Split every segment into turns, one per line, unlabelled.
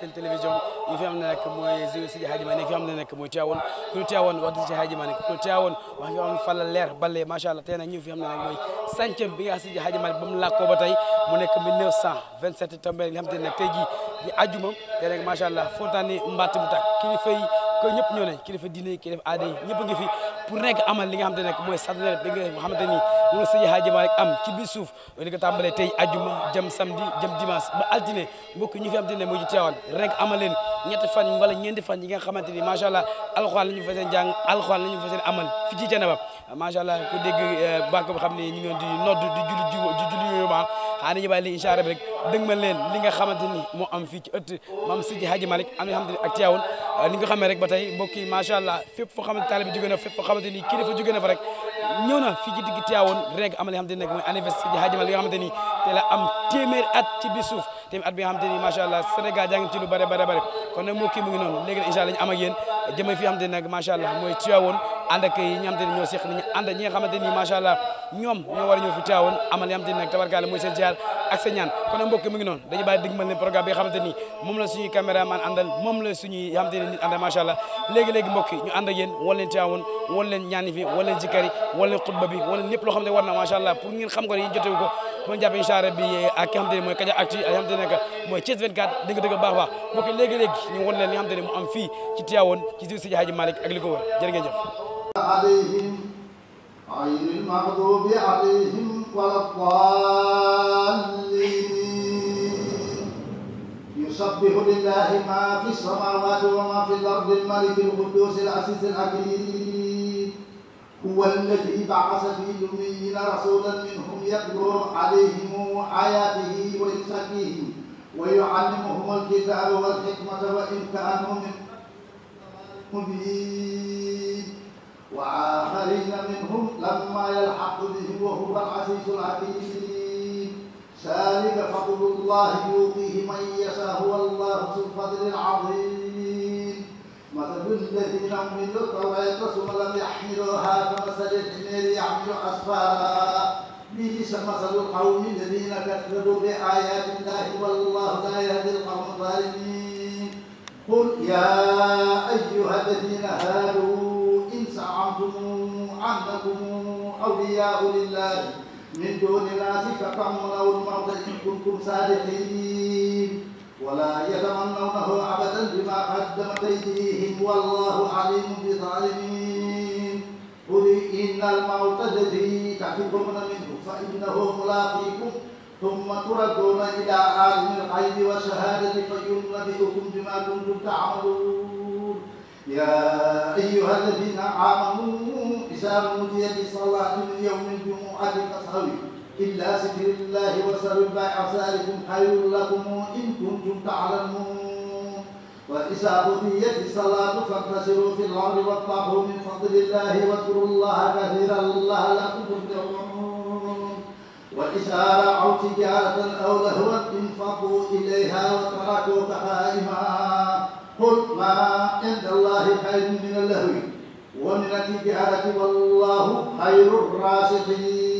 seen télévision yi fi xam ne nag mooy Zéro ku ñu Tivaouane wax di si Hadji fi xam ne leer balee macha allah tey nag fi xam ne mooy cinquième bi nga Seydi Hadji Malick ba mu làkkoo ba tey nekk 1927 tombé nga xam te ne nag tey jii di àjjuma allah fontaane mbatt bu tàkk kilifa ko ñëpp ñoo ne kilifa diine kilifa aada yi pour nekk amal li nga xamante ne mooy satellite bi nga xamante ni moom la sëñ Hadji Malick am ci biir suuf di ko tàmbalee tey ajuma jëm samedi jëm dimanche ba altine mbokk ñu fi xamante ne moo ci teewaan rek amal leen ñetti fan wala ñeenti fan yi nga xamante ni macha allah alxuraan la ñu fas yéene jàng alxuraan la ñu fas yéene amal fi ci Thiénaba macha allah ku dégg eh, barke bi xam ne ñu ngi doon di nodd di xani dañuy bàyyi li incha allah rek deugmal len li nga xamanteni mo am fi ci ëtt mam Sidi Hadji malik am na xamante ak tiawul li nga xamé rek batay mbokki ma sha allah fépp fo xamanteni talib jóge na fépp foo xamante kilifa jóge fa rek ñewna fi ci digi tiawul rek am na xamante ni nag anniversaire Sidi Hadji malik yo xamanteni te la am téeméeri at ci bi suuf téeméeri at bi nga xam te ni macha allah Sénégal jaa ngi ci lu bare bare bare kon nag moo kii mu ngi noonu léegi incha allah ñu am ak yéen jëmee fi nga xam te allah mooy Tivaouane ànd ak yi ñi nga xamante ni ñoo seq nañu ànd ak ñi nga xamante ni macha war a ñëw fi amal yi nga xamante ni nag tabarkaale ak sa ñaan kon mbokk mi ngi noonu dañu bàyyi digmal leen programme bi nga xamante ni moom la suñuy caméraman àndal moom la suñuy xamante ni nit àndal allah léegi-léegi mbokk ñu ànd ak yéen leen Tiwaawoon wan leen ñaani fi leen jikari wan leen xutba bi leen lépp loo xam ne war na macha allah pour ngeen xam ko ne yéen jotewu ko bu ñu bi ak ki ni mooy Kaja ak xamante ne que mooy Thiès 24 dëgg dëgg baax baax mbokk léegi ñu wan leen li am fii ci Tiwaawoon
ولا الضالين يسبح لله ما في السماوات وما في الأرض الملك القدوس العزيز الحكيم هو الذي بعث في الأميين رسولا منهم يتلو عليهم آياته ويزكيهم ويعلمهم الكتاب والحكمة وإن كانوا من مبين وآخرين منهم لما يلحق به وهو العزيز العليم ذلك فضل الله يؤتيه من يشاء والله ذو الفضل العظيم مثل الذين عملوا الطواغيت ثم لم يحملوها كمثل الحمير يحمل أسفارا بئس مثل القوم الذين كذبوا بآيات الله والله لا يهدي القوم الظالمين قل يا الناس تفهمون المرض إن كنتم صادقين ولا يتمنونه أبدا بما قدمت أيديهم والله عليم بالظالمين قل إن الموت الذي تحبون منه فإنه ملاقيكم ثم تردون إلى عالم الغيب والشهادة فينبئكم بما كنتم تعملون يا أيها الذين آمنوا إذا نودي لصلاة يوم الجمعة فاسهوا إلا سكر الله وسر البيع ذلكم خير لكم إن كنتم تعلمون وإذا قضيت الصلاة فانتشروا في الأرض واتبعوا من فضل الله واذكروا الله كثيرا لعلكم تفلحون وإذا رأوا تجارة أو لهوا انفضوا إليها وتركوك قائما قل ما عند الله خير من اللهو ومن التجارة والله خير الراسخين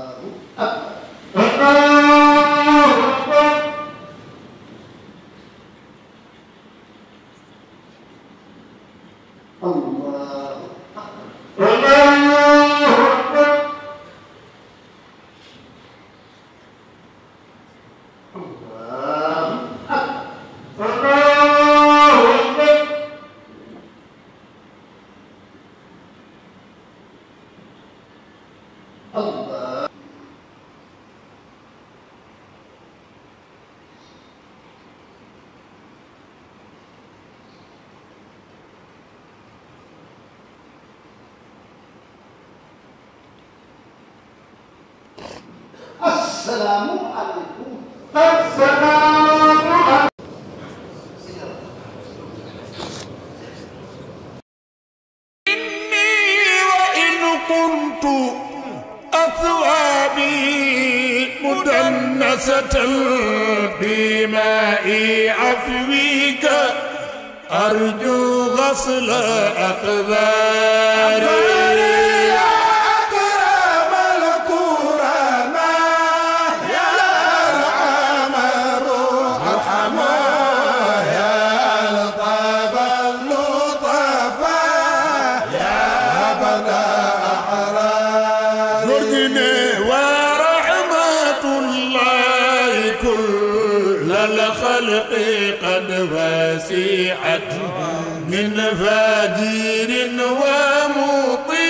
ông ờ, فالسلام عليكم فالسلام عليكم إني وإن كنت أثوابي مدنسة بماء عفويك أرجو غسل أقداري وسيعت من فاجر ومطيع